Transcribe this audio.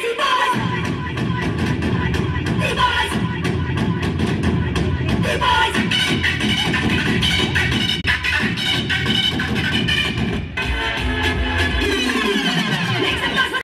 crazy boys.